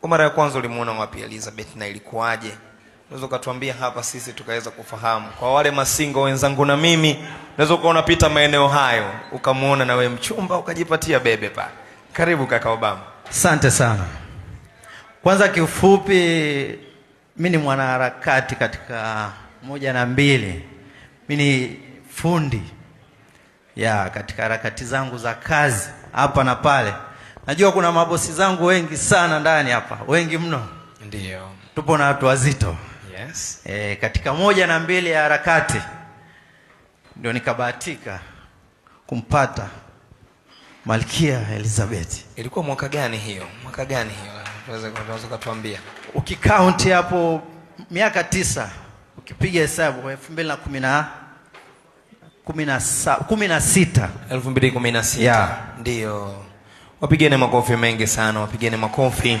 Kwa mara ya kwanza ulimuona wapi Elizabeth na ilikuwaje? Unaweza ukatuambia hapa sisi tukaweza kufahamu. Kwa wale masingo wenzangu na mimi, unaweza ukawa unapita maeneo hayo ukamuona na we mchumba ukajipatia bebe pa. Karibu kaka Obama. Asante sana. Kwanza kiufupi, mi ni mwanaharakati katika moja na mbili, mi ni fundi ya katika harakati zangu za kazi hapa na pale. Najua kuna mabosi zangu wengi sana ndani hapa, wengi mno, ndio tupo na watu wazito yes. E, katika moja na mbili ya harakati ndio nikabahatika kumpata Malkia Elizabeth. Ilikuwa mwaka gani hiyo? Mwaka gani hiyo? Unaweza kutuambia? Ukikaunti hapo miaka tisa, ukipiga hesabu elfu mbili na kumi na kumi na sita elfu mbili kumi na sita ndio Wapigeni makofi mengi sana, wapigeni makofi.